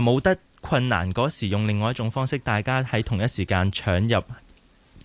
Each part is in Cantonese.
冇得困難嗰時，用另外一種方式，大家喺同一時間搶入。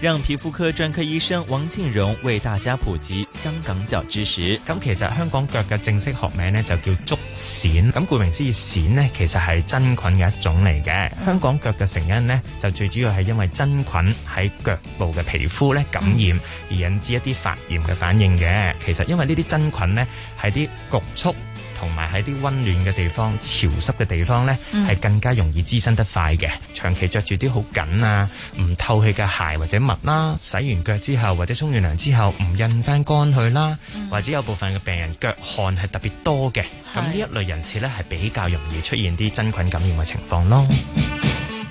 讓皮膚科專科醫生王慶榮為大家普及香港腳知識。咁其實香港腳嘅正式學名呢，就叫足癬。咁顧名思義，癬呢，其實係真菌嘅一種嚟嘅。香港腳嘅成因呢，就最主要係因為真菌喺腳部嘅皮膚咧感染、嗯、而引致一啲發炎嘅反應嘅。其實因為呢啲真菌呢，係啲焗促。，同埋喺啲溫暖嘅地方，潮濕嘅地方咧，係、嗯、更加容易滋生得快嘅。長期着住啲好緊啊、唔透氣嘅鞋或者襪啦，洗完腳之後或者沖完涼之後唔印翻乾去啦，嗯、或者有部分嘅病人腳汗係特別多嘅，咁呢是一類人士咧係比較容易出現啲真菌感染嘅情況咯。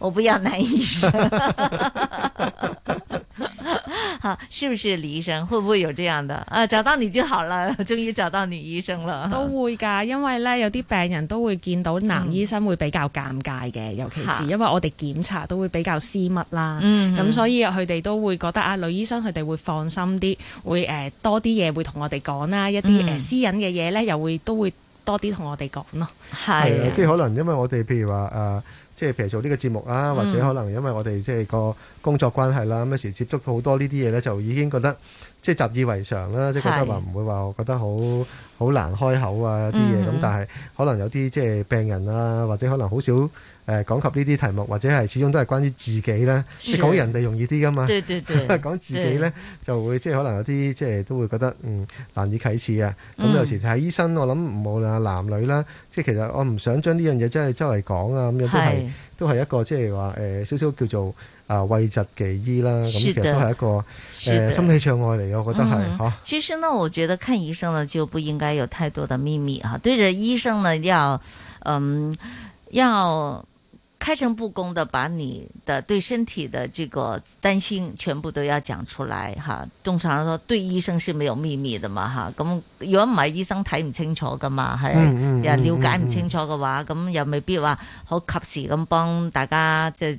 我不要男醫生， 好，是不是李醫生？會不會有這樣的？啊，找到你就好了，終於找到女醫生了。都會噶，因為呢有啲病人都會見到男醫生會比較尷尬嘅，嗯、尤其是因為我哋檢查都會比較私密啦。咁、啊嗯、哼所以佢哋都會覺得啊，女醫生佢哋會放心啲，會誒、呃、多啲嘢會同我哋講啦，嗯、一啲誒、呃、私隱嘅嘢呢又會都會多啲同我哋講咯。係，即係可能因為我哋譬如話誒。呃即係譬如做呢個節目啦，或者可能因為我哋即係個工作關係啦，咁有時接觸到好多呢啲嘢咧，就已經覺得。即係習以為常啦，即係是覺得話唔會話，我覺得好好難開口啊啲嘢咁。嗯、但係可能有啲即係病人啊，或者可能好少誒講及呢啲題目，或者係始終都係關於自己啦。即係講人哋容易啲㗎嘛，講 自己咧是就會即係可能有啲即係都會覺得嗯難以啟齒啊。咁、嗯、有時睇醫生，我諗無論男女啦，即係其實我唔想將呢樣嘢真係周圍講啊咁樣，都係是都係一個即係話誒少少叫做。啊，諱疾忌醫啦，咁的其實都係一個誒、呃、的心理障礙嚟，我覺得係吓。嗯啊、其實呢，我覺得看醫生呢就不應該有太多的秘密哈、啊，對着醫生呢要，嗯，要開誠布公的把你的對身體的這個擔心全部都要講出來哈。通、啊、常說對醫生是沒有秘密的、啊、原來的嘛，哈、嗯。咁如果唔係醫生睇唔清楚噶嘛，係又了解唔清楚嘅話，咁、嗯嗯嗯、又未必話好及時咁幫大家即係。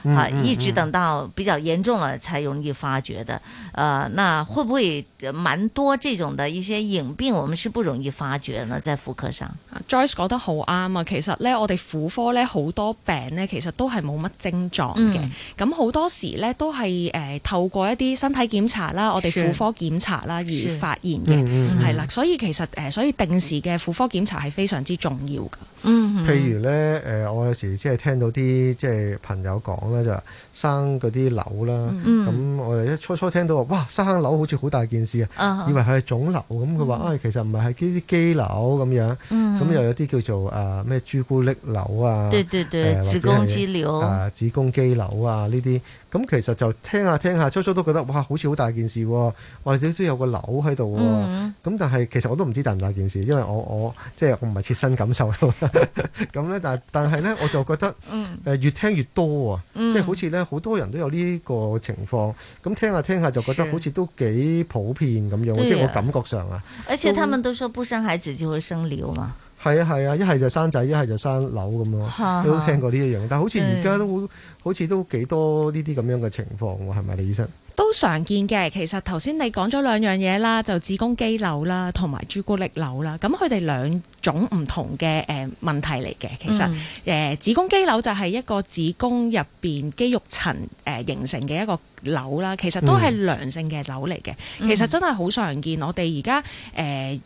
嗯嗯嗯啊、一直等到比較嚴重了，才容易發覺的。呃，那會不會蠻多這種的一些隱病，我們是不容易發覺呢？在婦科上，Joyce 講得好啱啊。其實呢，我哋婦科咧好多病呢，其實都係冇乜症狀嘅。咁好、嗯、多時呢，都係誒、呃、透過一啲身體檢查啦，我哋婦科檢查啦是而發現嘅。係啦、嗯嗯嗯，所以其實誒、呃，所以定時嘅婦科檢查係非常之重要噶。譬、嗯嗯、如呢，誒、呃、我有時即係聽到啲即係朋友講。就生嗰啲瘤啦，咁、嗯、我哋一初初聽到話，哇，生瘤好似好大件事啊，以為佢係腫瘤，咁佢話，啊、哎、其實唔係係呢啲肌瘤咁樣，咁、嗯、又有啲叫做誒咩朱古力瘤啊，對對對，呃、子宮肌瘤啊，子宮肌瘤啊呢啲。咁其實就聽下聽下，初初都覺得哇，好似好大件事喎，我哋少少有個瘤喺度喎。咁、嗯、但係其實我都唔知大唔大件事，因為我我即係我唔係切身感受到。咁咧，但係但係咧，我就覺得誒越聽越多啊，嗯、即係好似咧好多人都有呢個情況。咁、嗯、聽下聽下就覺得好似都幾普遍咁樣，是即係我感覺上啊。都而且他們都說不生孩子就會生瘤嘛。係啊係啊，一係、啊、就生仔，一係就生瘤咁咯，啊、都聽過呢一樣。但好似而家都、啊、好，好似都幾多呢啲咁樣嘅情況喎，係咪李醫生？都常見嘅。其實頭先你講咗兩樣嘢啦，就子宮肌瘤啦，同埋朱古力瘤啦。咁佢哋兩種唔同嘅誒問題嚟嘅。其實誒、嗯、子宮肌瘤就係一個子宮入邊肌肉層誒形成嘅一個瘤啦。其實都係良性嘅瘤嚟嘅。嗯、其實真係好常見。我哋而家誒。呃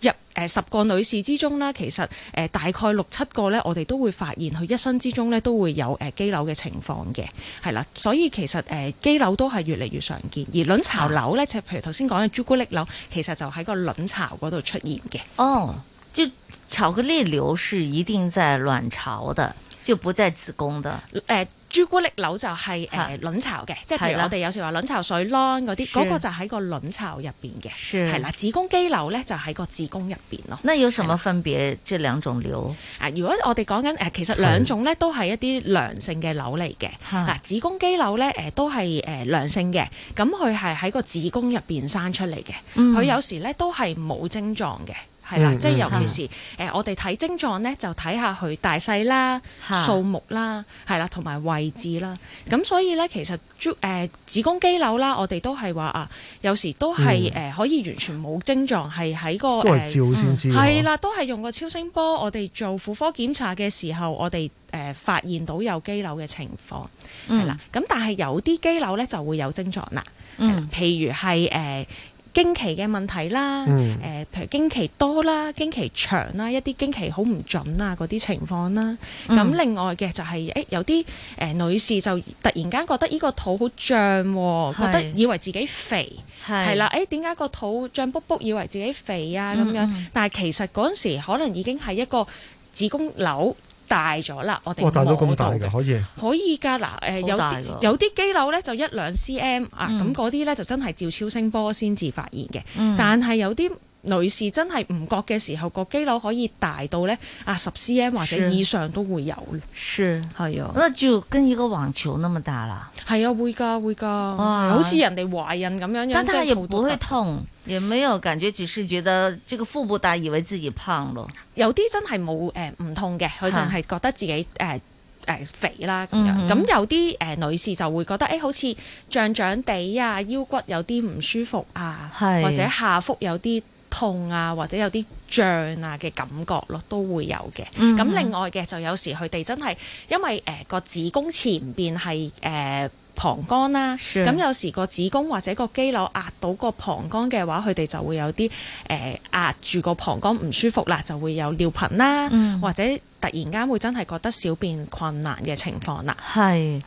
入誒十個女士之中啦，其實誒、呃、大概六七個咧，我哋都會發現佢一生之中咧都會有誒肌瘤嘅情況嘅，係啦，所以其實誒肌瘤都係越嚟越常見，而卵巢瘤咧就譬如頭先講嘅朱古力瘤，其實就喺個卵巢嗰度出現嘅。哦，oh, 就巧克力瘤是一定在卵巢的，就不在子宮的。誒、呃。朱古力瘤就係、是、誒、呃、卵巢嘅，啊、即係譬如我哋有時話卵巢水囊嗰啲，嗰是個就喺個卵巢入邊嘅，係啦是。子宮肌瘤咧就喺個子宮入邊咯。那有什麼分別？的這兩種瘤。啊？如果我哋講緊誒，其實兩種咧都係一啲良性嘅瘤嚟嘅嗱。子宮肌瘤咧誒都係誒良性嘅，咁佢係喺個子宮入邊生出嚟嘅，佢、嗯、有時咧都係冇症狀嘅。係啦，即係尤其是誒，我哋睇症狀咧，就睇下佢大細啦、的數目啦，係啦，同埋位置啦。咁的所以咧，其實誒、呃、子宮肌瘤啦，我哋都係話啊，有時都係誒、呃、可以完全冇症狀，係喺個、呃、都係照先知、啊。係啦，都係用個超聲波。我哋做婦科檢查嘅時候，我哋誒、呃、發現到有肌瘤嘅情況係啦。咁、嗯、但係有啲肌瘤咧就會有症狀啦，譬如係誒，呃經期嘅問題啦，誒、呃，譬如經期多啦、經期長啦、一啲經期好唔準啊，嗰啲情況啦。咁、嗯、另外嘅就係、是、誒、欸，有啲誒、呃、女士就突然間覺得呢個肚好脹、喔，是覺得以為自己肥，係是啦，誒點解個肚脹卜卜，以為自己肥啊咁、嗯嗯、樣？但係其實嗰陣時候可能已經係一個子宮瘤。大咗啦，我哋摸到嘅、哦，可以可以噶，嗱、呃、有啲有啲肌瘤咧就一兩 cm 啊、嗯，咁嗰啲咧就真係照超聲波先至發現嘅，嗯、但係有啲女士真係唔覺嘅時候，個肌瘤可以大到咧啊十 cm 或者以上都會有。是，係啊。好有。那就跟一個網球那麼大啦。係啊，會㗎，會㗎。哇好似人哋懷孕咁樣樣。但係佢唔會痛，亦沒有感覺，只是覺得即個腹部大，以為自己胖咯。有啲真係冇誒唔痛嘅，佢淨係覺得自己誒誒、啊呃、肥啦咁樣。咁、嗯嗯、有啲誒、呃、女士就會覺得誒、欸、好似脹脹地啊，腰骨有啲唔舒服啊，是或者下腹有啲。痛啊，或者有啲脹啊嘅感覺咯，都會有嘅。咁、嗯、哼另外嘅就有時佢哋真係因為誒個、呃、子宮前邊係誒膀胱啦，咁是、嗯、有時個子宮或者個肌瘤壓到個膀胱嘅話，佢哋就會有啲誒、呃、壓住個膀胱唔舒服啦，就會有尿頻啦，嗯、或者突然間會真係覺得小便困難嘅情況啦。係，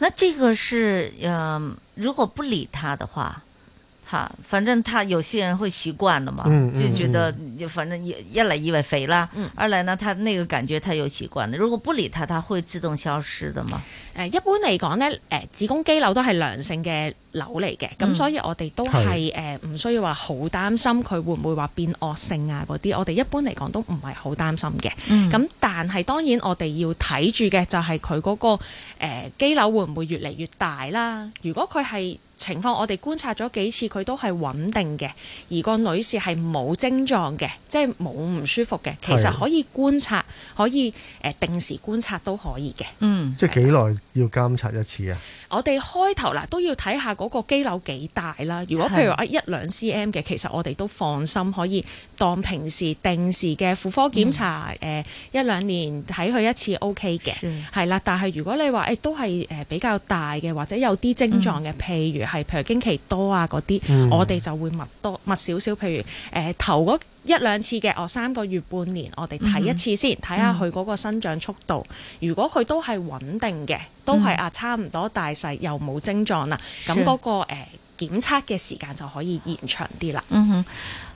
嗱，呢個係嗯、呃，如果不理他的話。啊、反正他有些人會習慣了嘛，嗯嗯、就覺得就反正一,一來以為肥啦，嗯、二嚟呢，他那個感覺他有習慣的，如果不理他，他會自動消失的嘛。誒、呃，一般嚟講咧，誒、呃、子宮肌瘤都係良性嘅瘤嚟嘅，咁、嗯、所以我哋都係誒唔需要話好擔心佢會唔會話變惡性啊嗰啲，我哋一般嚟講都唔係好擔心嘅。咁、嗯、但係當然我哋要睇住嘅就係佢嗰個誒肌瘤會唔會越嚟越大啦？如果佢係。情況我哋觀察咗幾次，佢都係穩定嘅。而個女士係冇症狀嘅，即係冇唔舒服嘅。其實可以觀察，的可以、呃、定時觀察都可以嘅。嗯，的即係幾耐要監察一次啊？我哋開頭嗱都要睇下嗰個肌瘤幾大啦。如果譬如話一兩 cm 嘅，的其實我哋都放心，可以當平時定時嘅婦科檢查嗯呃、一兩年睇佢一次 OK 嘅。係啦，但係如果你話、呃、都係比較大嘅，或者有啲症狀嘅，嗯、譬如。係譬如經期多啊嗰啲，嗯、我哋就會密多密少少。譬如誒、呃、頭嗰一兩次嘅，我三個月半年我哋睇一次先，睇、嗯、下佢嗰個生長速度。如果佢都係穩定嘅，都係啊差唔多大細又冇症狀啦，咁嗰、嗯那個誒是、呃、檢查嘅時間就可以延長啲啦。嗯哼，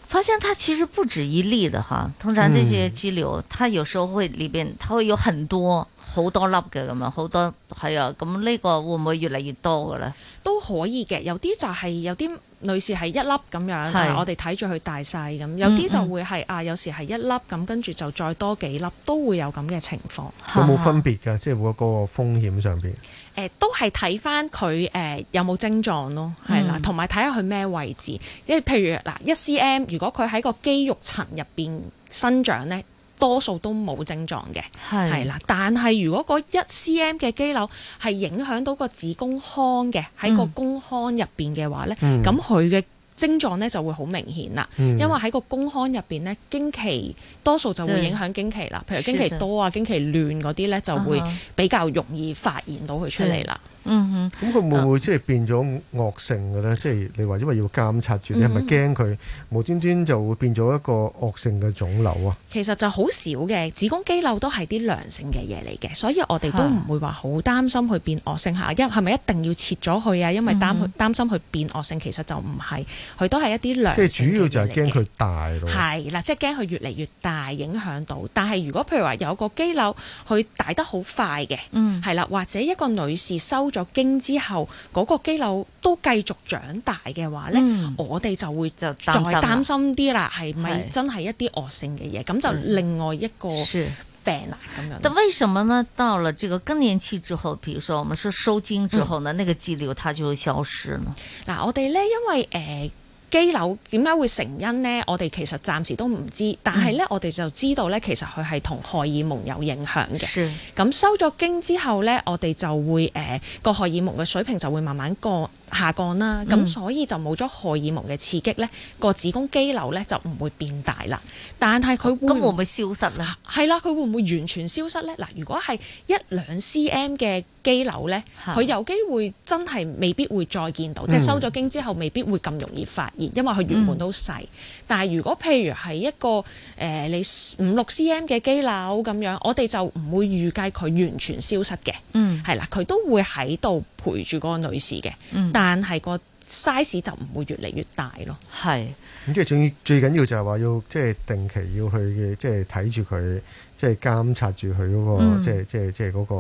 發現它其實不止一粒的哈，通常這些肌瘤，它有時候會裏邊它會有很多。好多粒嘅咁樣，好多係啊，咁呢個會唔會越嚟越多嘅咧？都可以嘅，有啲就係、是、有啲女士係一粒咁樣，是我哋睇住佢大細咁，有啲就會係、嗯嗯、啊，有時係一粒咁，跟住就再多幾粒都會有咁嘅情況是、啊呃。有冇分別㗎？即係嗰個風險上邊？誒，都係睇翻佢誒有冇症狀咯，係啦，同埋睇下佢咩位置。因為譬如嗱，一 cm 如果佢喺個肌肉層入邊生長咧。多數都冇症狀嘅，係啦是。但係如果個一 cm 嘅肌瘤係影響到個子宮腔嘅，喺個宮腔入邊嘅話咧，咁佢嘅症狀咧就會好明顯啦。嗯、因為喺個宮腔入邊咧，經期多數就會影響經期啦。對譬如經期多啊，經期亂嗰啲咧，就會比較容易發現到佢出嚟啦。嗯，咁佢會唔會即係變咗惡性嘅咧？即係你話因為要監察住，你係咪驚佢無端端就會變咗一個惡性嘅腫瘤啊？其實就好少嘅，子宮肌瘤都係啲良性嘅嘢嚟嘅，所以我哋都唔會話好擔心佢變惡性。嚇，因係咪一定要切咗佢啊？因為擔擔心佢變惡性，其實就唔係，佢都係一啲良性。即係主要就係驚佢大咯。係啦，即係驚佢越嚟越大影響到。但係如果譬如話有個肌瘤佢大得好快嘅，係啦、嗯，或者一個女士收。咗經之後，嗰、那個肌瘤都繼續長大嘅話咧，嗯、我哋就會就係擔心啲啦，係咪真係一啲惡性嘅嘢？咁是就另外一個病啦咁、嗯、樣。但為什麼呢？到了這個更年期之後，比如說我們說收經之後呢，嗯、那個肌瘤它就會消失了。嗱，我哋咧因為誒。呃肌瘤點解會成因呢？我哋其實暫時都唔知道，但係咧，嗯、我哋就知道咧，其實佢係同荷爾蒙有影響嘅。咁是收咗經之後咧，我哋就會誒個荷爾蒙嘅水平就會慢慢過下降啦，咁所以就冇咗荷爾蒙嘅刺激咧，個、嗯、子宮肌瘤咧就唔會變大啦。但係佢會咁、啊、會唔會消失啊？係啦，佢會唔會完全消失咧？嗱，如果係一兩 cm 嘅肌瘤咧，佢的有機會真係未必會再見到，嗯、即係收咗經之後未必會咁容易發現，因為佢原本都細。嗯、但係如果譬如係一個誒、呃、你五六 cm 嘅肌瘤咁樣，我哋就唔會預計佢完全消失嘅。嗯，係啦，佢都會喺度陪住個女士嘅。嗯，但係個 size 就唔會越嚟越大咯是。係咁，即係最最緊要就係話要即係定期要去看、那個嗯、即係睇住佢，即係監察住佢嗰個，即係即係即係嗰個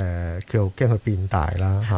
誒，叫驚佢變大啦吓。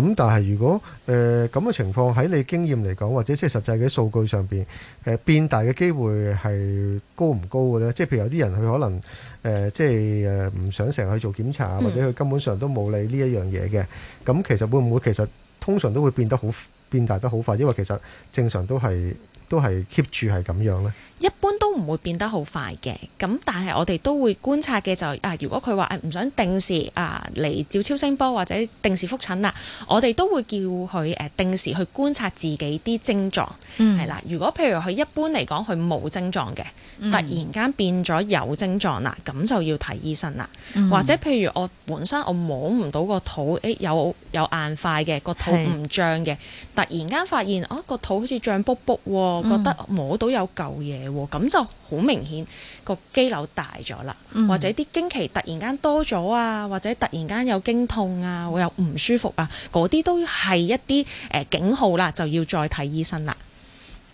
咁、啊、但係如果誒咁嘅情況喺你經驗嚟講，或者即係實際嘅數據上邊誒、呃、變大嘅機會係高唔高嘅咧？即係譬如有啲人佢可能誒、呃、即係誒唔想成日去做檢查，或者佢根本上都冇理呢一樣嘢嘅。咁、嗯、其實會唔會其實？通常都會變得好變大得好快，因為其實正常都係都係 keep 住係咁樣咧。一般都唔會變得好快嘅，咁但係我哋都會觀察嘅就啊、是，如果佢話誒唔想定時啊嚟照超聲波或者定時復診啦，我哋都會叫佢誒定時去觀察自己啲症狀係、嗯、啦。如果譬如佢一般嚟講佢冇症狀嘅，嗯、突然間變咗有症狀啦，咁就要睇醫生啦。嗯、或者譬如我本身我摸唔到個肚誒、欸、有有硬塊嘅，個肚唔脹嘅，是的 突然間發現哦個、啊、肚好似脹卜卜，嗯、覺得摸到有嚿嘢。咁就好明顯個肌瘤大咗啦，或者啲經期突然間多咗啊，或者突然間有經痛啊，會有唔舒服啊，嗰啲都係一啲誒警號啦，就要再睇醫生啦。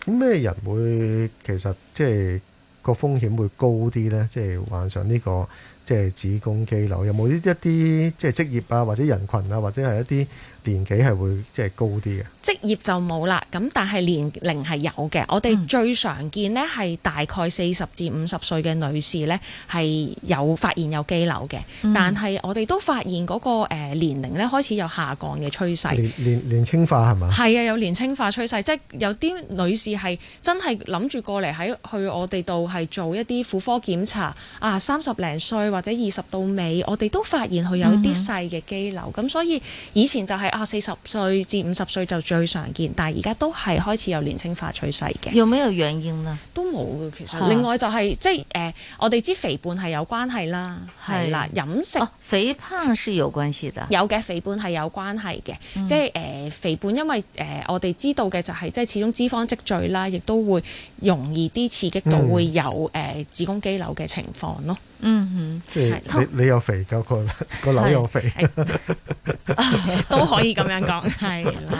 咁咩人會其實即係個風險會高啲呢？即係患上呢個即係子宮肌瘤，有冇一啲即係職業啊，或者人群啊，或者係一啲？年紀係會即係高啲嘅，職業就冇啦。咁但係年齡係有嘅。我哋最常見呢係大概四十至五十歲嘅女士呢，係有發現有肌瘤嘅。嗯、但係我哋都發現嗰個年齡呢，開始有下降嘅趨勢。年年年青化係嘛？係啊，有年青化趨勢，即係有啲女士係真係諗住過嚟喺去我哋度係做一啲婦科檢查啊，三十零歲或者二十到尾，我哋都發現佢有啲細嘅肌瘤。咁、嗯嗯、所以以前就係。啊，四十歲至五十歲就最常見，但係而家都係開始有年輕化趨勢嘅。有咩有原因啊？都冇嘅，其實。啊、另外就係、是、即係誒、呃，我哋知肥胖係有關係啦，係是啦，飲食、啊。肥胖是有關係的。有嘅，肥胖係有關係嘅、嗯呃呃就是，即係誒肥胖，因為誒我哋知道嘅就係即係始終脂肪積聚啦，亦都會容易啲刺激到會有誒、嗯呃、子宮肌瘤嘅情況咯。嗯哼。即係你你又肥，個個個瘤又肥，是的啊、都可以。咁 樣講係，係啦。啦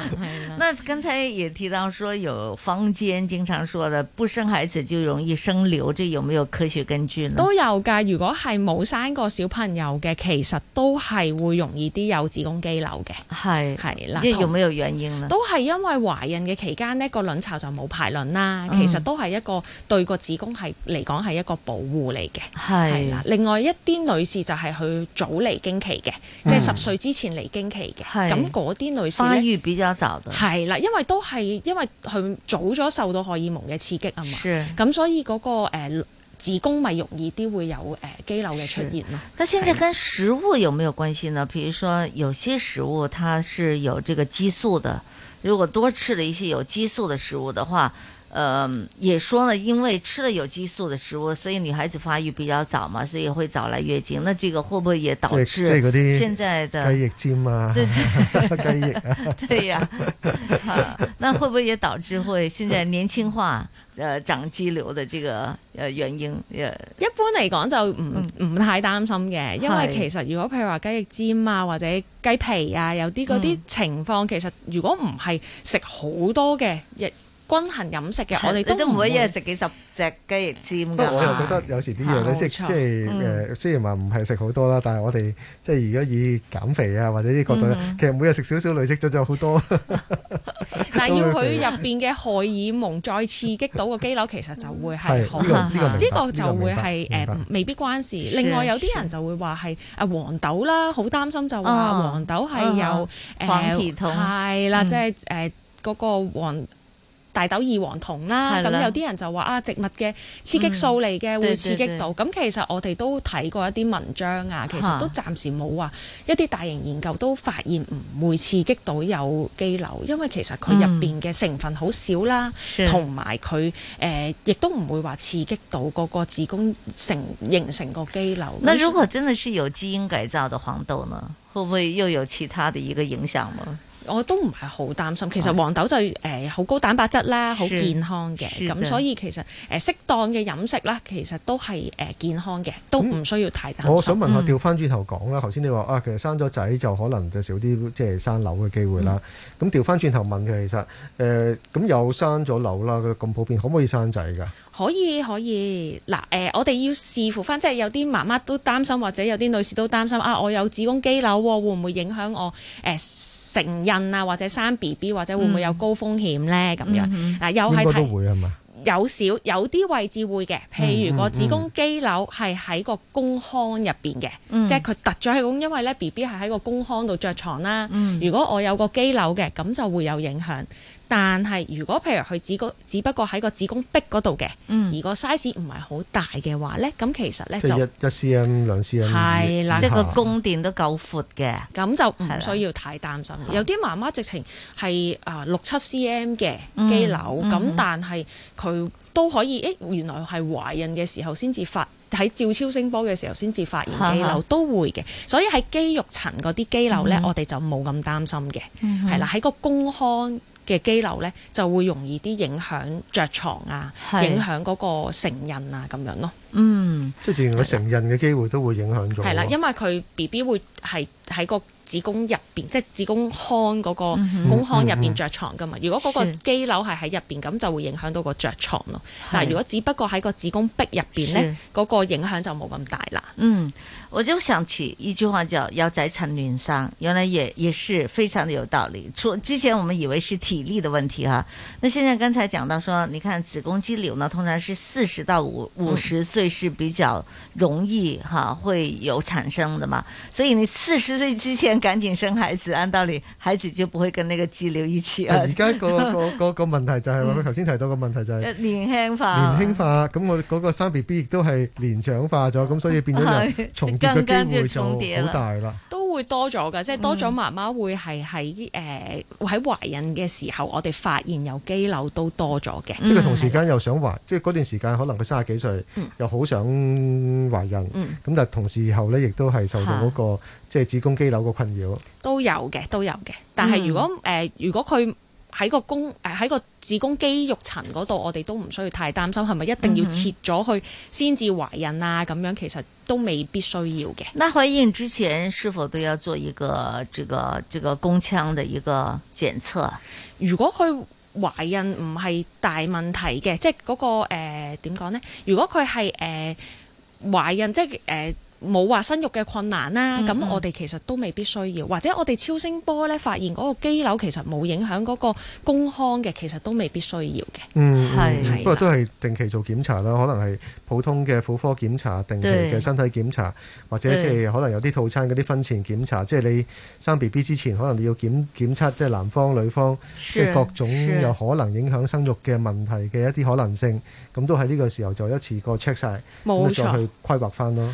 那剛才也提到說，有坊間經常說的，不生孩子就容易生瘤，這有沒有科學根據呢？都有噶，如果係冇生過小朋友嘅，其實都係會容易啲有子宮肌瘤嘅，係係是啦。即係有冇有原因咧？都係因為懷孕嘅期間咧，個卵巢就冇排卵啦，嗯、其實都係一個對個子宮係嚟講係一個保護嚟嘅，係是啦。另外一啲女士就係去早嚟經期嘅，嗯、即係十歲之前嚟經期嘅，咁是。嗰啲女士咧，發育比較早的，係啦，因為都係因為佢早咗受到荷爾蒙嘅刺激啊嘛，咁是所以嗰、那個、呃、子宮咪容易啲會有誒、呃、肌瘤嘅出現咯。但現在跟食物有沒有關係呢？譬的如說有些食物它是有這個激素的，如果多吃了一些有激素的食物的話。呃、嗯，也說呢，因為吃了有激素的食物，所以女孩子發育比較早嘛，所以會早來月經。那這個會不會也導致現在的雞、就是就是、翼尖啊，對對，雞翼、啊。 對呀、 啊，那會不會也導致會現在年輕化？ 呃，長肌瘤的這個呃原因也。Yeah, 一般來講就唔唔、嗯、太擔心嘅，因為其實如果譬如話雞翼尖啊或者雞皮啊，有啲嗰啲情況，嗯、其實如果唔係食好多嘅均衡飲食嘅，我哋都唔會一日食幾十隻雞翼尖㗎。我又覺得有時啲嘢咧，即係即係雖然話唔係食好多啦，但係我哋即係如果以減肥啊或者啲角度其實每日食少少累積咗就好多。但嗱，要佢入邊嘅荷爾蒙再刺激到個肌瘤，其實就會係好啦。呢個就會係誒未必關事。另外有啲人就會話係誒黃豆啦，好擔心就話黃豆係有誒，係啦，即係誒嗰個黃。大豆異黃酮啦，咁的有啲人就話啊，植物嘅刺激素嚟嘅、嗯、會刺激到。咁其實我哋都睇過一啲文章啊，啊其實都暫時冇話一啲大型研究都發現唔會刺激到有肌瘤，因為其實佢入邊嘅成分好少啦，同埋佢誒亦都唔會話刺激到嗰個子宮成形成個肌瘤。如果真的係有基因改造嘅黃豆呢？會唔會又有其他的一個影響？我都唔係好擔心。其實黃豆就誒好、呃、高蛋白質啦，好健康嘅，咁，的所以其實誒、呃、適當嘅飲食啦，其實都係誒、呃、健康嘅，都唔需要太擔心。嗯、我想問下，調翻轉頭講啦，頭先、嗯、你話啊，其實生咗仔就可能就少啲即係生瘤嘅機會啦。咁調翻轉頭問嘅其實誒咁、呃、有生咗瘤啦，咁普遍可唔可以生仔㗎？可以可以，嗱誒，我哋要視乎翻，即係有啲媽媽都擔心，或者有啲女士都擔心啊。我有子宮肌瘤，會唔會影響我誒？呃承孕啊，或者生 B B 或者會唔會有高風險呢？咁樣嗱，嗯嗯、又係睇有少有啲位置會嘅，譬如個子宮肌瘤係喺個宮腔入邊嘅，嗯嗯、即係佢突咗喺宮腔，因為咧 B B 係喺個宮腔度着床啦。嗯、如果我有個肌瘤嘅，咁就會有影響。但係，如果譬如佢只只不過喺個子宮壁嗰度嘅，嗯、而個 size 唔係好大嘅話咧，咁其實咧就一 cm 兩 cm，即係個宮殿都夠闊嘅，咁就唔需要太擔心。的有啲媽媽直情係啊六七 cm 嘅肌瘤，咁的、嗯、但係佢都可以，誒原來係懷孕嘅時候先至發喺照超聲波嘅時候先至發現肌瘤的都會嘅，所以喺肌肉層嗰啲肌瘤咧，嗯、我哋就冇咁擔心嘅，係啦、嗯，喺個宮腔。嘅肌瘤呢就會容易啲影響着床啊，是影響嗰個承孕啊咁樣咯。嗯，即係自然個承孕嘅機會都會影響咗。係啦，因為佢 B B 會係喺個子宮入邊，即係子宮腔嗰個宮腔入邊着床噶嘛？嗯嗯、如果嗰個肌瘤係喺入邊，咁是就會影響到個着床咯。但係如果只不過喺個子宮壁入邊咧，嗰是個影響就冇咁大啦。嗯，我就想起一句話叫「有仔趁嫩生」，原來也也是非常的有道理。出之前我們以為是體力的問題哈，那現在剛才講到說，你看子宮肌瘤呢，通常是四十到五五十歲是比較容易哈、嗯啊、會有產生的嘛，所以你四十歲之前。趕緊生孩子，按道理孩子就不會跟那個肌瘤一起。而家、嗰個個、嗰個問題就係話佢頭先提到個問題就係、是、年輕化，化，年輕化，咁我嗰個生 B B 亦都係年長化咗，咁所以變咗就，就， 就重疊嘅機會就好大啦。會多咗㗎，即係多咗媽媽會係喺誒喺懷孕嘅時候，我哋發現有肌瘤都多咗嘅。嗯、即係同時間又想懷，是的即係嗰段時間可能佢三十幾歲，嗯、又好想懷孕，咁、嗯、但係同時候咧，亦都係受到嗰、那個、啊、即係子宮肌瘤個困擾。都有嘅，都有嘅，但係如果誒、嗯呃，如果佢。喺個宮誒喺個子宮肌肉層嗰度，我哋都唔需要太擔心，係咪一定要切咗去先至懷孕啊？咁樣其實都未必需要嘅。那、嗯、哼懷孕之前是否都要做一個這個這個宮腔的一個檢測？如果佢懷孕唔係大問題嘅，即係嗰個誒點講呢？如果佢係誒懷孕，即係誒。呃冇話生育嘅困難啦，咁、嗯、我哋其實都未必需要，或者我哋超聲波呢發現嗰個肌瘤其實冇影響嗰個宮腔嘅，其實都未必需要嘅。嗯，是不過都係定期做檢查啦，可能係普通嘅婦科檢查、定期嘅身體檢查，對或者即係可能有啲套餐嗰啲婚前檢查，即係對你生 B B 之前，可能你要檢檢測即係男方女方，即係各種有可能影響生育嘅問題嘅一啲可能性，咁都喺呢個時候就一次過 check 晒，冇錯再去規劃翻咯。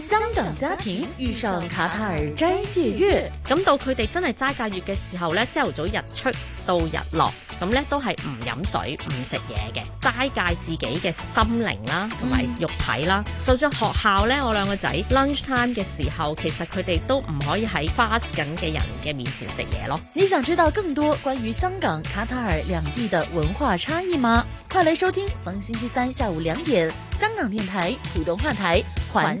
香港家庭遇上卡塔爾齋戒月，咁到佢哋真係齋戒月嘅時候咧，朝頭早日出到日落，咁咧都係唔飲水、唔食嘢嘅齋戒自己嘅心靈啦，同埋肉體啦。就算、嗯、學校咧，我兩個仔 lunch time 嘅時候，其實佢哋都唔可以喺 fast 緊嘅人嘅面前食嘢咯。你想知道更多關於香港、卡塔爾兩地的文化差異嗎？快來收聽逢星期三下午兩點，香港電台普通話台，環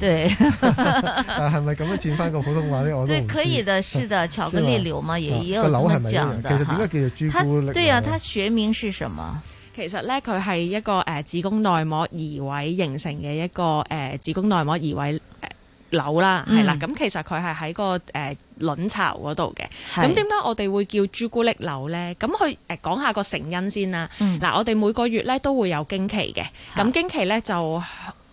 對，係咪咁樣轉翻個普通話呢？我對可以的，是的，巧克力瘤嘛嗎，也也有咁講，啊啊？其實點解叫做朱古力？對啊，它學名是什麼？其實咧，佢係一個誒、呃、子宮內膜移位形成嘅一個誒、呃、子宮內膜移位誒瘤、呃、啦，係、嗯、啦。咁其實佢係喺個誒、呃、卵巢嗰度嘅。咁點解我哋會叫朱古力瘤咧？咁佢誒講下個成因先啦。嗱、嗯，我哋每個月咧都會有經期嘅，咁經期咧就，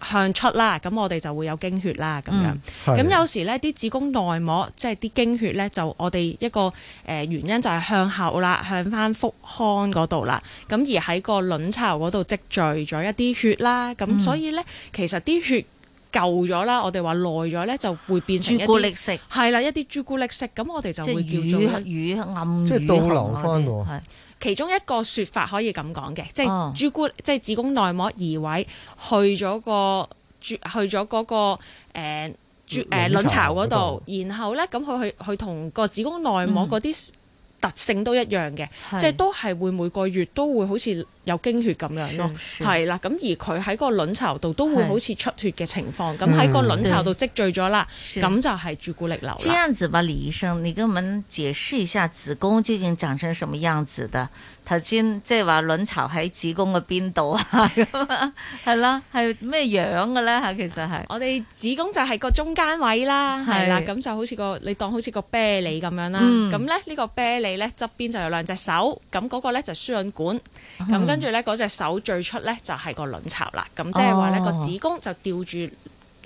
向出啦，咁我哋就會有經血啦，咁樣。咁、嗯、有時呢啲子宮內膜即係啲經血呢，就我哋一個誒原因就係向後啦，向翻腹腔嗰度啦。咁而喺個卵巢嗰度積聚咗一啲血啦。咁、嗯、所以呢，其實啲血舊咗啦，我哋話耐咗呢就會變成一啲朱古力色，係啦，一啲朱古力色。咁我哋就會叫做黑暗，即係倒流翻喎。其中一個説法可以咁講嘅，即係朱古，即係子宮內膜移位去咗嗰個，哦、去咗嗰、嗰個誒誒卵巢嗰度，然後咧咁佢去去同個子宮內膜嗰啲。嗯特性都一樣嘅，是即係都係會每個月都會好似有經血咁樣咯，係啦。咁而佢喺個卵巢度都會好似出血嘅情況，咁喺是、嗯、個卵巢度積聚咗啦，咁是就係朱古力瘤。這樣子吧，李醫生，你跟我們解釋一下子宮究竟長成什麼樣子的？頭先即係話卵巢喺子宮嘅邊度啊？咁啊，係啦，係咩樣嘅咧？嚇，其實係我哋子宮就係個中間位啦，係啦是，咁就好似個你當好似個啤梨咁樣啦，咁咧、嗯、呢、這個啤梨咧側邊就有兩隻手，咁、那、嗰個咧就輸、是、卵管，咁、嗯、跟住咧嗰隻手最出咧就係、是、個卵巢啦，咁即係話咧個子宮就吊住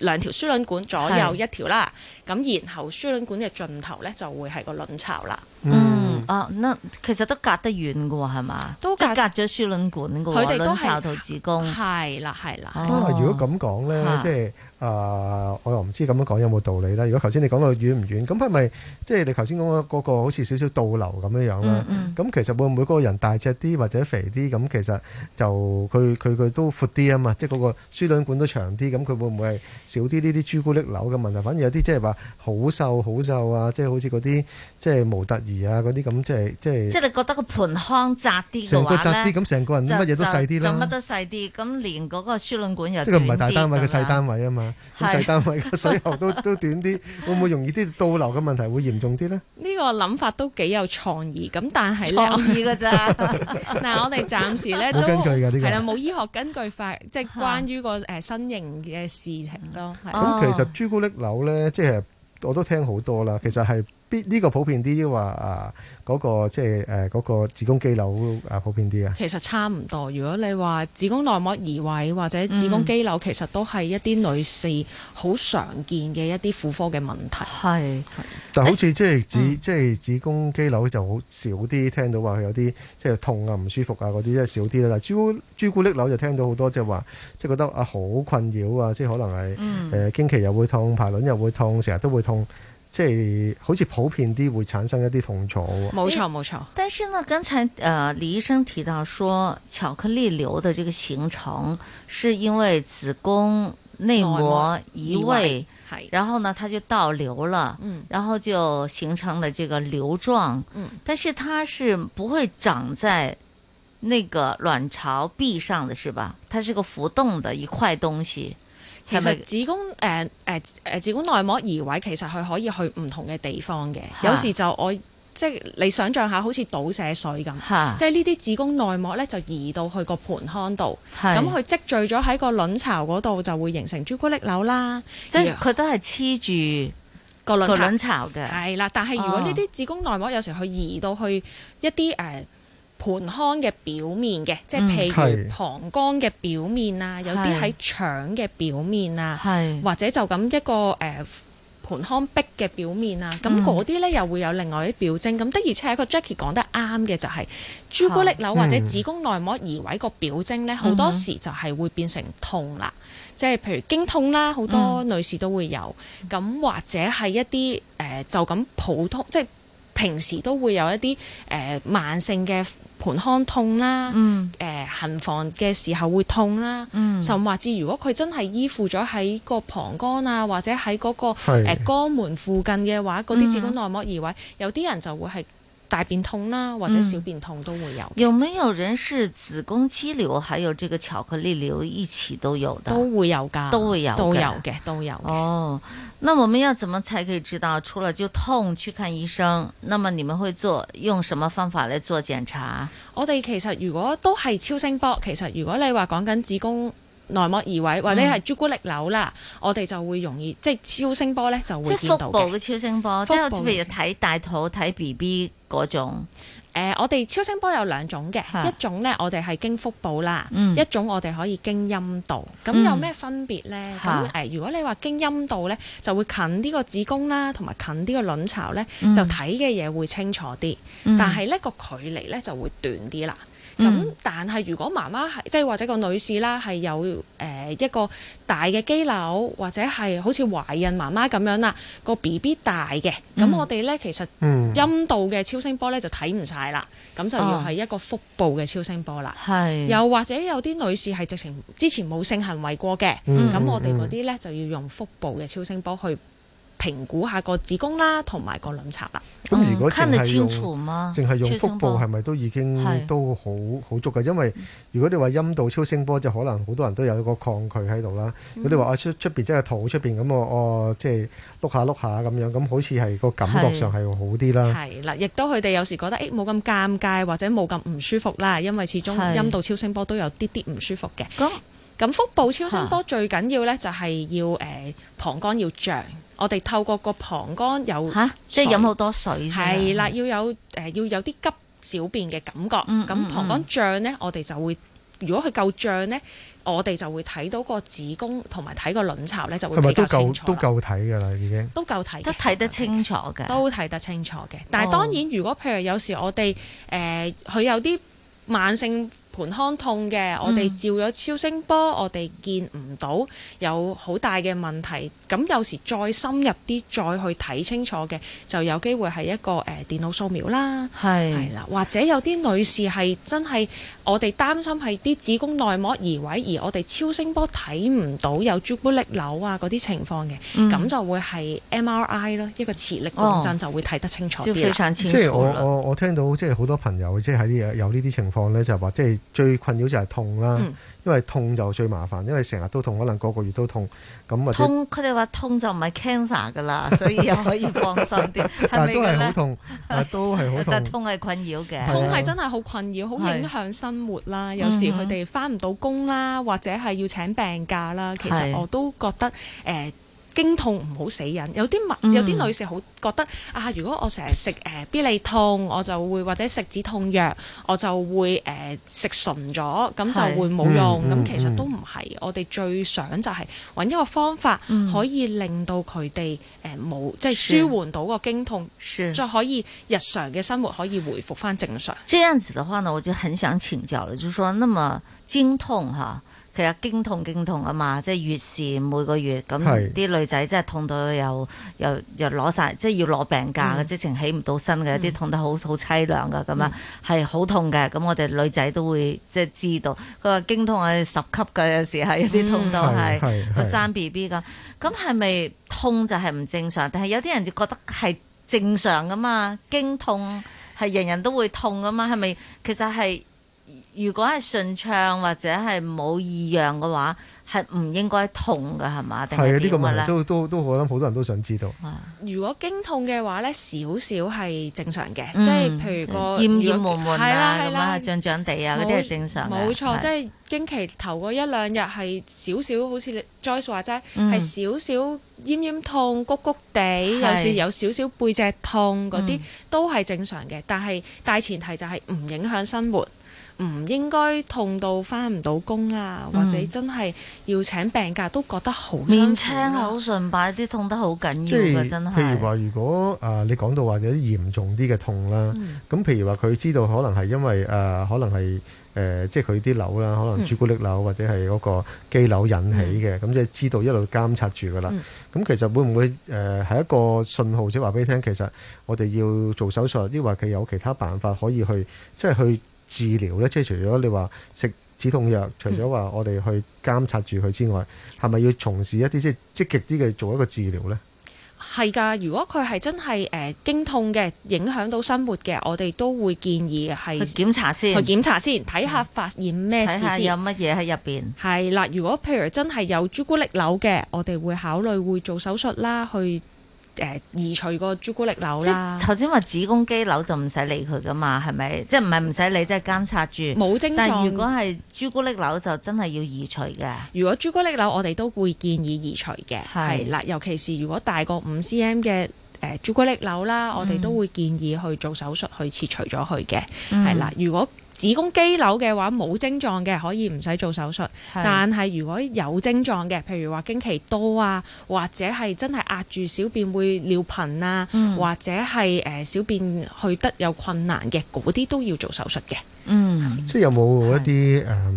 兩條輸卵管左右一條啦，咁是然後輸卵管嘅盡頭咧就會係個卵巢啦，嗯。嗯。哦，嗱、啊，其實都隔得遠嘅喎，係嘛？即係隔咗輸卵管嘅都卵巢到子宮。係啦，係啦、啊的啊。如果咁講咧，是的即係。啊、呃！我又唔知咁樣講有冇道理咧。如果頭先你講到遠唔遠，咁係咪即係你頭先講嗰個好似少少倒流咁樣樣咧？咁、嗯嗯、其實會唔會嗰個人大隻啲或者肥啲？咁其實就佢佢佢都闊啲啊嘛，即係嗰個輸卵管都長啲。咁佢會唔會係少啲呢啲朱古力瘤嘅問題？反而有啲即係話好瘦好瘦啊，即係好似嗰啲即係模特兒啊嗰啲咁，即係即係。即係你覺得個盆腔窄啲嘅話咧，咁成個窄啲，成個人乜嘢都細啲啦。乜都細啲，咁連嗰個輸卵管又即係佢唔係大單位，佢細單位啊嘛。咁細單位嘅水喉都都短啲，會唔會容易啲倒流嘅問題會嚴重啲咧？呢個諗法都幾有創意，咁但係咧，創意噶咋？嗱，我哋暫時咧都冇根據嘅呢個，係啦，冇醫學根據法，即係關於個誒新型嘅事情咯。咁其實朱古力瘤咧，即係我都聽好多啦，其實係。呢個普遍啲話啊，嗰、呃嗰個即係誒嗰個子宮肌瘤啊，普遍啲啊。其實差唔多，如果你話子宮內膜異位或者子宮肌瘤，嗯、其實都係一啲女士好常見嘅一啲婦科嘅問題。係，但好似即係子、欸、子即係子宮肌瘤就好少啲，聽到話佢有啲即係痛啊、唔舒服啊嗰啲，即係少啲啦。但係朱朱古力瘤就聽到好多即係話，即係覺得啊好困擾啊，即係可能係誒經期又會痛、排卵又會痛，成日都會痛。即係好似普遍啲會產生一啲痛楚喎。冇錯冇錯，但是呢，剛才呃李醫生提到說，巧克力瘤的這個形成，是因為子宮內膜移位，然後呢，它就倒流了，嗯，然後就形成了這個瘤狀，嗯，但是它是不會長在那個卵巢壁上的，是吧？它是一個浮動的一塊東西。其實子宮誒誒誒子宮內膜移位其實佢可以去唔同嘅地方嘅，的有時就我即係你想象下，好似倒瀉水咁，是的即係呢啲子宮內膜咧就移到去個盆腔度，咁佢的積聚咗喺個卵巢嗰度就會形成朱古力瘤啦，即係佢都係黐住個卵巢嘅，係啦、嗯。但係如果呢啲子宮內膜有時佢移到去一啲誒、呃盆腔嘅表面嘅，即係譬如膀胱嘅表面啊，嗯、是有啲喺腸嘅表面啊，是或者就咁一個誒、呃、盆腔壁嘅表面啊，咁嗰啲咧又會有另外啲表徵。咁、嗯、的而且確，Jackie 講得啱嘅就係、是、是朱古力瘤或者子宮內膜移位個表徵咧，好、嗯、多時就係會變成痛啦，嗯、即係譬如經痛啦，好多女士都會有。咁、嗯、或者係一啲誒、呃、就咁普通，即係平時都會有一啲誒、呃、慢性嘅。盆腔痛啦、嗯呃，行房嘅時候會痛啦，嗯、甚或至如果佢真係依附咗喺個膀胱啊，或者喺嗰、嗰個肛是、呃、門附近嘅話，嗰啲子宮內膜移位，嗯、有啲人就會係。大便痛啦，或者小便痛、嗯、都會有。有沒有人是子宮肌瘤，還有這個巧克力瘤一起都有的？都會有噶，都會有嘅，都會有嘅，都會有嘅。哦，那我們要怎麼才可以知道？除了就痛去看醫生，那麼你們會做用什麼方法來做檢查？我哋其實如果都係超聲波，其實如果你話講緊子宮內膜移位或者係朱古力瘤啦，嗯、我哋就會容易即係超聲波咧，就會見到嘅。即係腹部嘅超聲波，嘅超聲波即係譬如睇大肚睇 B B 嗰種。誒、呃，我哋超聲波有兩種嘅，是一種咧我哋係經腹部啦，嗯、一種我哋可以經陰,陰道。咁、嗯、有咩分別咧？咁誒、嗯，如果你話經陰,陰道咧，就會近呢個子宮啦，同埋近呢個卵巢咧，嗯、就睇嘅嘢會清楚啲，嗯、但係呢、呢個距離咧就會短啲啦。咁、嗯、但係如果媽媽，即係，或者個女士啦，係有誒一個大嘅肌瘤，或者係好似懷孕媽媽咁樣啦個 B B 大嘅，咁我哋咧，其實陰道嘅超聲波咧就睇唔晒啦，咁就要係一個腹部嘅超聲波啦。哦、又或者有啲女士係直情之前冇性行為過嘅，咁、嗯、我哋嗰啲咧就要用腹部嘅超聲波去。評估下個子宮啦，同埋個卵巢啦。咁如果淨係用淨係用腹部，係咪都已經都好好足嘅？因為如果你話陰道超聲波，就可能好多人都有一個抗拒喺度啦。嗯、如果你話啊出出邊真係肚出邊咁，我我即係碌下碌下咁樣，咁、哦就是、好似係個感覺上係好啲啦。係啦是，亦都佢哋有時覺得誒冇咁尷尬，或者冇咁唔舒服啦。因為始終陰道超聲波都有啲啲唔舒服嘅。咁咁的那腹部超聲波最緊要咧，就係、是、要誒膀胱要脹。我哋透過個膀胱有嚇，即係飲好多水。係啦，要有誒、呃，要有啲急小便嘅感覺。咁、嗯嗯、膀胱脹咧，我哋就會如果佢夠脹咧，我哋就會睇到個子宮同埋睇個卵巢咧，就會比較清楚。係咪都夠睇㗎啦？已經都夠睇，都睇得清楚嘅，都睇得清楚嘅。但係當然，如果譬如有時我哋誒佢有啲慢性盆腔痛嘅，我哋照咗超聲波，嗯、我哋見唔到有好大嘅問題。咁有時再深入啲，再去睇清楚嘅，就有機會係一個誒、呃、電腦掃描啦，係是啦，或者有啲女士係真係我哋擔心係啲子宮內膜移位，而我哋超聲波睇唔到有朱古力瘤啊嗰啲情況嘅，咁、嗯、就會係 M R I 咯，一個磁力共振、哦、就會睇得清楚啲啦。非常清楚。即係我我我聽到即係好多朋友即係喺有呢啲情況呢，就話即係。最困擾就係痛啦，因為痛就最麻煩，因為成日都痛，可能個個月都痛咁或痛，佢哋話痛就唔係 cancer 噶啦，所以又可以放心啲。係咪 都係好痛，都係好痛。但 痛係困擾嘅，痛係真係好困擾，好影響生活啦。是有時佢哋返唔到工啦，或者係要請病假啦。其實我都覺得誒。呃經痛唔好死忍，有啲有啲女士好覺得、嗯、啊！如果我成日食誒必理痛，我就會或者食止痛藥，我就會誒食純咗，咁、呃、就會冇用。咁、嗯嗯、其實都唔係，嗯、我哋最想就係揾一個方法可以令到佢哋誒冇即係舒緩到個經痛，再可以日常嘅生活可以回復翻正常。這樣子的話呢，我就很想請教了，就是那麼經痛哈、啊？其實經痛經痛啊嘛，即係月事每個月咁啲女仔真係痛到又又又攞晒，即係要攞病假嘅，直情、嗯、起唔到身嘅，有啲痛得好好凄涼嘅咁啊，係好、嗯、痛嘅。咁我哋女仔都會即係知道。佢話經痛係十級嘅，有時係有啲痛到係、嗯、生 B B 嘅。咁係咪痛就係唔正常？但係有啲人就覺得係正常嘅嘛。經痛係人人都會痛嘅嘛，係咪？其實係。如果係順暢或者係冇異樣嘅話，係唔應該痛㗎，係嘛？係啊，呢個問都都都可能好多人都想知道。如果經痛嘅話咧，少少係正常嘅，即係譬如個奄奄悶悶啊，咁啊，漲漲地啊，嗰啲係正常冇錯。即係經期頭嗰一兩日係少少，好似 Joyce 話齋係少少奄奄痛，谷谷地，有時有少少背脊痛嗰啲都係正常嘅，但係大前提就係唔影響生活。唔應該痛到返唔到工啊，或者真係要請病假都覺得好。嗯、面青口唇白啲痛得好緊要嘅以真係的。譬如話，如果、呃、你講到或者嚴重啲嘅痛啦，咁、嗯、譬如話佢知道可能係因為、呃、可能係、呃、即係佢啲瘤啦，可能朱古力瘤或者係嗰個肌瘤引起嘅，咁即係知道一路監察住噶啦。咁、嗯、其實會唔會誒係、呃、一個信號？即話話俾你聽，其實我哋要做手術，抑或佢有其他辦法可以去，即係去。治療咧，即、就、係、是、除咗你話食止痛藥，除咗話我哋去監察住佢之外，係咪、嗯、要從事一啲即係積極啲嘅做一個治療呢？係噶，如果佢係真係誒、呃、經痛嘅，影響到生活嘅，我哋都會建議去檢查先，去檢查先睇下發現咩事、嗯、看看有乜嘢喺入面。係啦。如果譬如真係有朱古力瘤嘅，我哋會考慮會做手術啦，去。誒，移除個朱古力瘤啦。即頭先話子宮肌瘤就唔使理佢噶嘛，係咪？即係唔係唔使理，即係監察住。冇症狀。但如果係朱古力瘤就真係要移除嘅。如果朱古力瘤，我哋都會建議移除嘅。係是啦，尤其是如果大過五 cm 嘅。誒、呃、朱古力瘤啦，嗯、我哋都會建議去做手術去切除咗佢嘅，嗯、係啦。如果子宮肌瘤嘅話，冇症狀嘅可以唔使做手術，是但係如果有症狀嘅，譬如話經期多啊，或者係真係壓住小便會尿頻啊，嗯、或者係小便去得有困難嘅，嗰啲都要做手術嘅。嗯，是即係有冇一啲、呃、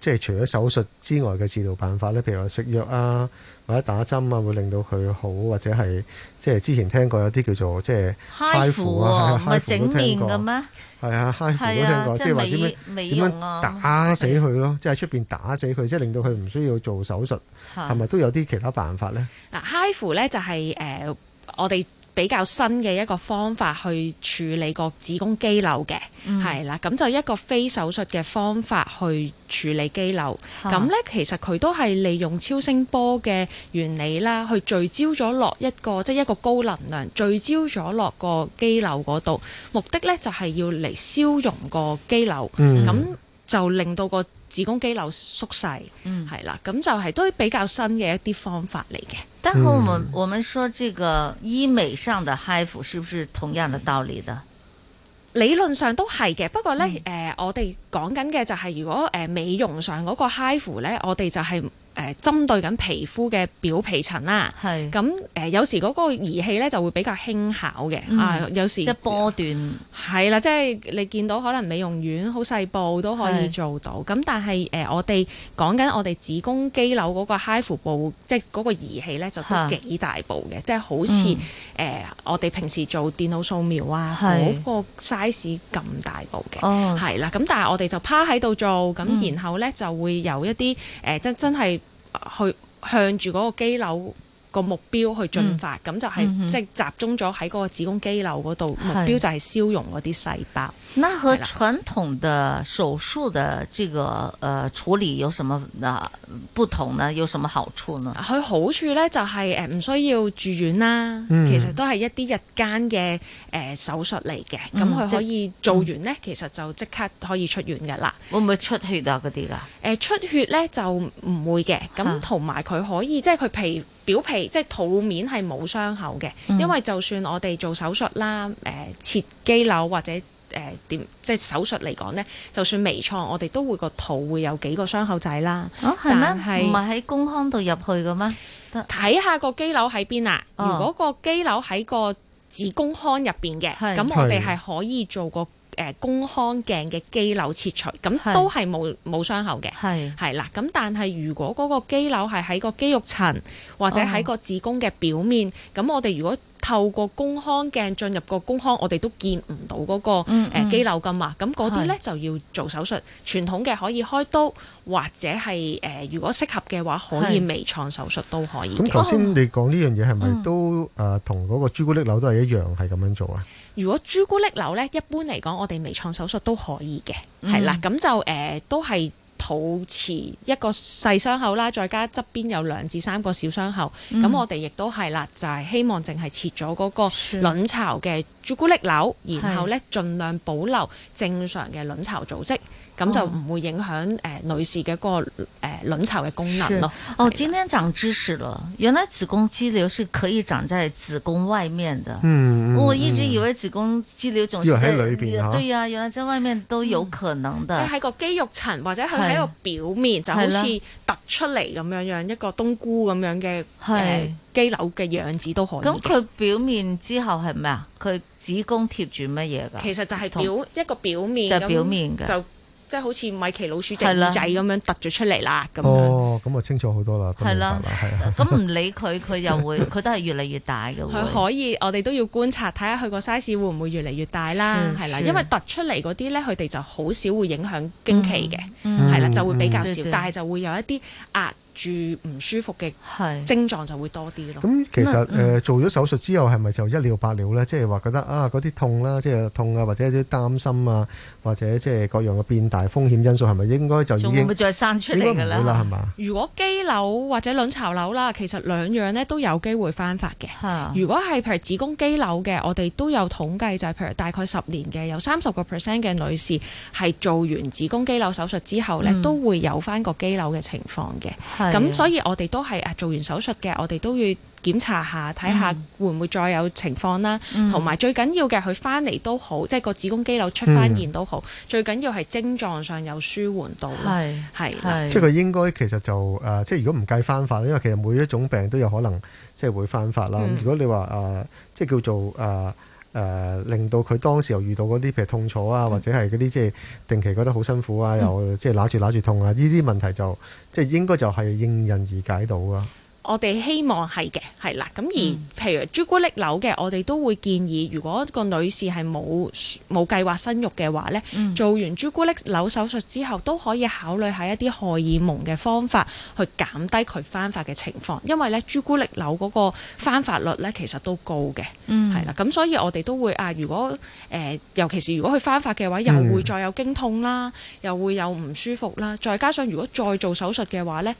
即係除咗手術之外嘅治療辦法咧？譬如話食藥啊。或者打針啊，會令到佢好，或者係即係之前聽過有啲叫做即係嗨符啊，uh, 整面噉咩？係啊，嗨符都聽過嗎，即係或者點樣點樣打死佢咯、啊？即係出邊打死佢，即係是的 令到佢唔需要做手術，係咪是的 都有啲其他辦法咧？嗨符咧就係、是、誒，uh, 我哋。比較新嘅一個方法去處理個子宮肌瘤嘅，係啦、嗯，咁就一個非手術嘅方法去處理肌瘤。咁咧、啊，其實佢都係利用超聲波嘅原理啦，去聚焦咗落一個即係一個高能量聚焦咗落個肌瘤嗰度，目的咧就係、是、要嚟消融個肌瘤，咁、嗯、就令到個。子宮肌瘤縮細，係、嗯、啦，咁就係都比較新嘅一啲方法嚟嘅。但係我我，我們說這個醫美上的 HIFU 是不是同樣的道理的？嗯、理論上都係嘅，不過呢，誒、嗯呃，我哋講緊嘅就係如果誒、呃、美容上嗰個 HIFU 呢，我哋就係、是。誒針對緊皮膚嘅表皮層啦，係，咁誒有時嗰個儀器咧就會比較輕巧嘅、嗯、啊，有時即波段係啦、呃，即係你見到可能美容院好細部都可以做到，咁是但係誒、呃、我哋講緊我哋子宮肌瘤嗰個 HIFU，部，即係嗰個儀器咧就都幾大部嘅，即係是好似誒、嗯呃、我哋平時做電腦掃描啊，嗰是個 size 咁大部嘅，係啦、哦，咁但係我哋就趴喺度做，咁然後咧、嗯、就會有一啲誒即真係。真的。去向住嗰個基樓。個目標去進發，咁、嗯、就係、是嗯、即係集中咗喺嗰個子宮肌瘤嗰度，是目標就係消融嗰啲細胞。那和傳統的手術的這個誒、呃、處理有什麼呢不同呢？有什麼好處呢？佢好處呢就係誒唔需要住院啦，嗯、其實都係一啲日間嘅誒手術嚟嘅，咁佢、嗯、可以做完呢，嗯、其實就即刻可以出院噶啦。會唔會出血啊？嗰啲噶？誒，出血呢，就唔會嘅，咁同埋佢可以即係佢皮。表皮即係肚面係冇傷口嘅。嗯、因為就算我哋做手術啦，誒、呃、切肌瘤或者誒點、呃，即係手術嚟講咧，就算微創，我哋都會個肚會有幾個傷口仔啦。哦，係咩？唔係喺宮腔度入去嘅咩？睇下個肌瘤喺邊啊？哦、如果個肌瘤喺個子宮腔入邊嘅，咁是我哋係可以做個。誒宮腔鏡嘅肌瘤切除，咁都係冇冇傷口嘅，係啦是。咁但係如果嗰個肌瘤係喺個肌肉層、嗯、或者喺個子宮嘅表面，咁、嗯、我哋如果透過宮腔鏡進入個宮腔，我哋都見唔到嗰、那個、呃、肌瘤噶嘛。咁嗰啲咧就要做手術，是傳統嘅可以開刀，或者係、呃、如果適合嘅話，可以微創手術都可以。咁頭先你講呢樣嘢係咪都同嗰、嗯、個朱古力瘤都係一樣係咁樣做啊？如果朱古力瘤呢，一般嚟講，我哋微創手術都可以嘅，係、嗯、啦，咁就、呃、都係肚臍一個細傷口啦，再加側邊有兩至三個小傷口，咁、嗯、我哋亦都係啦，就係、是、希望淨係切咗嗰個卵巢嘅朱古力瘤，然後咧，盡量保留正常嘅卵巢組織，咁就唔會影響誒女士嘅嗰個誒卵巢嘅功能咯。哦，今天長知識了，原來子宮肌瘤是可以長在子宮外面的。嗯，我一直以為子宮肌瘤仲要喺裏邊嚇，對啊，原來在外面都有可能的。即係喺個肌肉層，或者佢喺個表面，就好似突出嚟咁樣樣，一個冬菇咁樣嘅。係。肌瘤嘅樣子都可以。咁佢表面之後係咩啊？佢子宮貼住乜嘢噶？其實就係表一個表面，就表面嘅，就即係好似米奇老鼠仔咁樣突咗出嚟啦，咁樣。哦，咁啊清楚好多啦。係啦，係咁唔理佢，佢又會，佢都係越嚟越大嘅。佢可以，我哋都要觀察，睇下佢個 size 會唔會越嚟越大啦？係啦，因為突出嚟嗰啲咧，佢哋就好少會影響經期嘅，係啦，就會比較少，但係就會有一啲壓。住唔舒服嘅症狀就會多啲咯。咁、嗯、其實誒、呃、做咗手術之後係咪就一了百了呢？即係話覺得啊嗰啲痛啦，即、就、係、是、痛啊，或者啲擔心啊，或者即係各樣嘅變大風險因素係咪應該就已經唔會再生出嚟㗎啦？係嘛？如果肌瘤或者卵巢瘤啦，其實兩樣咧都有機會翻發嘅。啊、如果係譬如子宮肌瘤嘅，我哋都有統計就係譬如大概十年嘅有三十個 percent 嘅女士係做完子宮肌瘤手術之後呢，嗯、都會有翻個肌瘤嘅情況嘅。咁所以我哋都係啊做完手術嘅，我哋都要檢查下睇下會唔會再有情況啦，同埋、嗯、最緊要嘅佢翻嚟都好，即係個子宮肌瘤出翻現都好，嗯、最緊要係症狀上有舒緩到。係係即係佢應該其實就誒、呃，即係如果唔計翻發，因為其實每一種病都有可能即係會翻發啦。咁、嗯、如果你話誒、呃，即係叫做誒。呃誒、呃、令到佢當時又遇到嗰啲譬如痛楚啊，或者係嗰啲即係定期覺得好辛苦啊，又即係揦住揦住痛啊，呢啲問題就即係、就是、應該就係迎刃而解到啊。我哋希望係嘅，係啦。咁而譬如朱古力瘤嘅，我哋都會建議，如果個女士係冇冇計劃生育嘅話呢、嗯、做完朱古力瘤手術之後，都可以考慮喺一啲荷爾蒙嘅方法去減低佢翻發嘅情況，因為咧朱古力瘤嗰個翻發率呢，其實都高嘅，係啦、嗯。咁所以我哋都會啊，如果誒、呃，尤其是如果佢翻發嘅話，又會再有經痛啦，嗯、又會有唔舒服啦，再加上如果再做手術嘅話呢。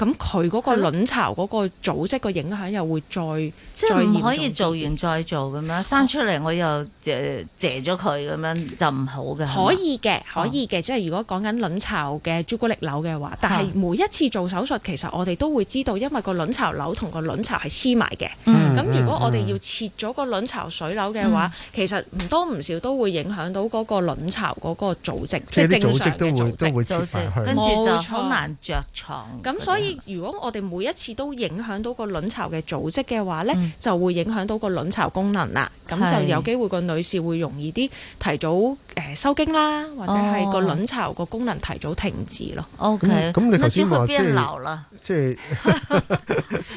咁佢嗰個卵巢嗰個組織個影響又會再，即係唔可以做完再做咁樣生出嚟，我又誒謝咗佢咁樣就唔好嘅。可以嘅，哦、可以嘅，即係如果講緊卵巢嘅朱古力瘤嘅話，但係每一次做手術，其實我哋都會知道，因為個卵巢瘤同個卵巢係黐埋嘅。嗯。咁、嗯、如果我哋要切咗個卵巢水瘤嘅話，嗯、其實唔多唔少都會影響到嗰個卵巢嗰個組織。即係正常嘅組，組織都會，都會切翻去，冇咁難著床。咁錯所以。如果我哋每一次都影響到個卵巢嘅組織嘅話咧，就會影響到個卵巢功能啦。咁就有機會個女士會容易啲提早誒收經啦，或者係個卵巢個功能提早停止咯。O K。咁你頭先話即係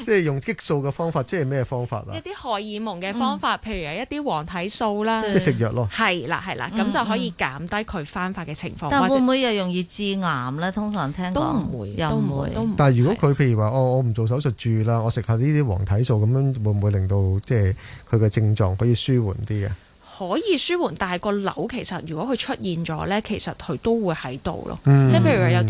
即係用激素嘅方法，即係咩方法啊？一啲荷爾蒙嘅方法，譬如係一啲黃體素啦。即係食藥咯。係啦，係啦，咁就可以減低佢翻發嘅情況。但會唔會又容易致癌咧？通常聽講都唔會，都唔會，都唔會。如果佢譬如話，哦，我我唔做手術住啦，我食下呢啲黃體素咁樣，會唔會令到即係佢嘅症狀可以舒緩啲嘅？可以舒緩，但係個瘤其實如果佢出現咗咧，其實佢都會喺度咯。即係、嗯、譬如有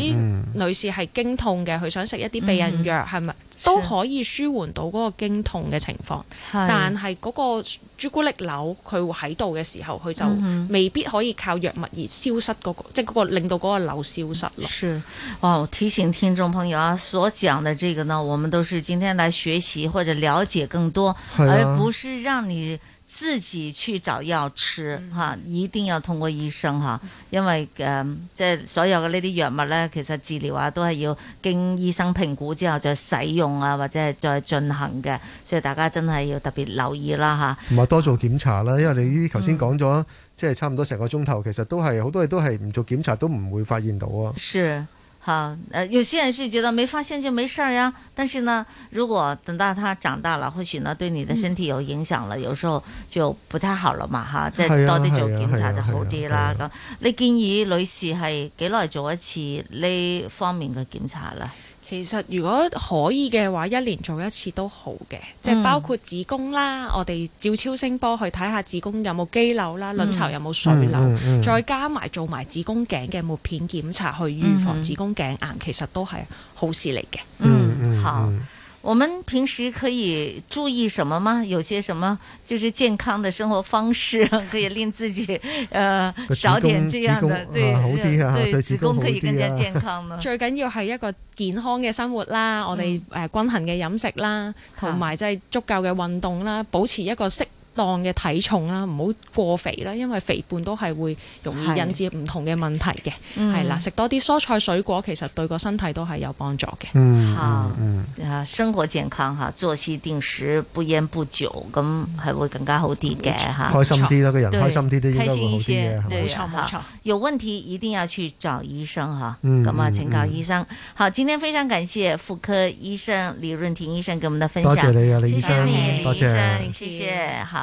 啲女士係經痛嘅，佢、嗯、想食一啲避孕藥係咪、嗯、都可以舒緩到嗰個經痛嘅情況？是但係嗰個朱古力瘤佢會喺度嘅時候，佢就未必可以靠藥物而消失嗰、嗰個，嗯、即係嗰個令到嗰個瘤消失咯。哦，哇！我提醒聽眾朋友啊，所講嘅這個呢，我們都是今天來學習或者了解更多，啊、而不是讓你。自己去找藥吃哈，一定要通過醫生哈，因為誒，即、嗯、係所有嘅呢啲藥物咧，其實治療啊都係要經醫生評估之後再使用啊，或者係再進行嘅，所以大家真係要特別留意啦吓。同埋多做檢查啦，因為你依頭先講咗，即係、嗯、差唔多成個鐘頭，其實都係好多嘢都係唔做檢查都唔會發現到啊。是。好，誒，有些人是覺得沒發現就沒事呀，但是呢，如果等到他長大了，或許呢對你的身體有影響了，嗯、有時候就不太好了嘛，吓、嗯，再多啲做檢查就好啲啦。咁、嗯，嗯嗯嗯、你建議女士係幾耐做一次呢方面嘅檢查咧？其實如果可以嘅話，一年做一次都好嘅，嗯、即係包括子宮啦，我哋照超聲波去睇下子宮有冇肌瘤啦，嗯、卵巢有冇水瘤，嗯嗯嗯、再加埋做埋子宮頸嘅抹片檢查，去預防子宮頸癌，嗯嗯、其實都係好事嚟嘅、嗯。嗯，好。我們平時可以注意什麼嗎？有些什麼就是健康的生活方式， 可以令自己，呃，少點這樣的公對、啊啊、對，對子宮可以更加健康咯、啊。康啊、 最緊要係一個健康嘅生活啦，嗯、我哋誒均衡嘅飲食啦，同埋即係足夠嘅運動啦，保持一個適當嘅體重啦，唔好過肥啦，因為肥胖都係會容易引致唔同嘅問題嘅，係啦，食多啲蔬菜水果其實對個身體都係有幫助嘅。嗯，嚇，嗯，嚇，生活健康嚇，作息定時，不煙不酒，咁係會更加好啲嘅嚇，開心啲啦，個人開心啲都應該會好啲嘅，冇錯冇錯，有問題一定要去找醫生嚇，咁啊請教醫生。好，今天非常感謝婦科醫生李閏婷醫生給我們的分享，多謝你李醫生，謝謝，好。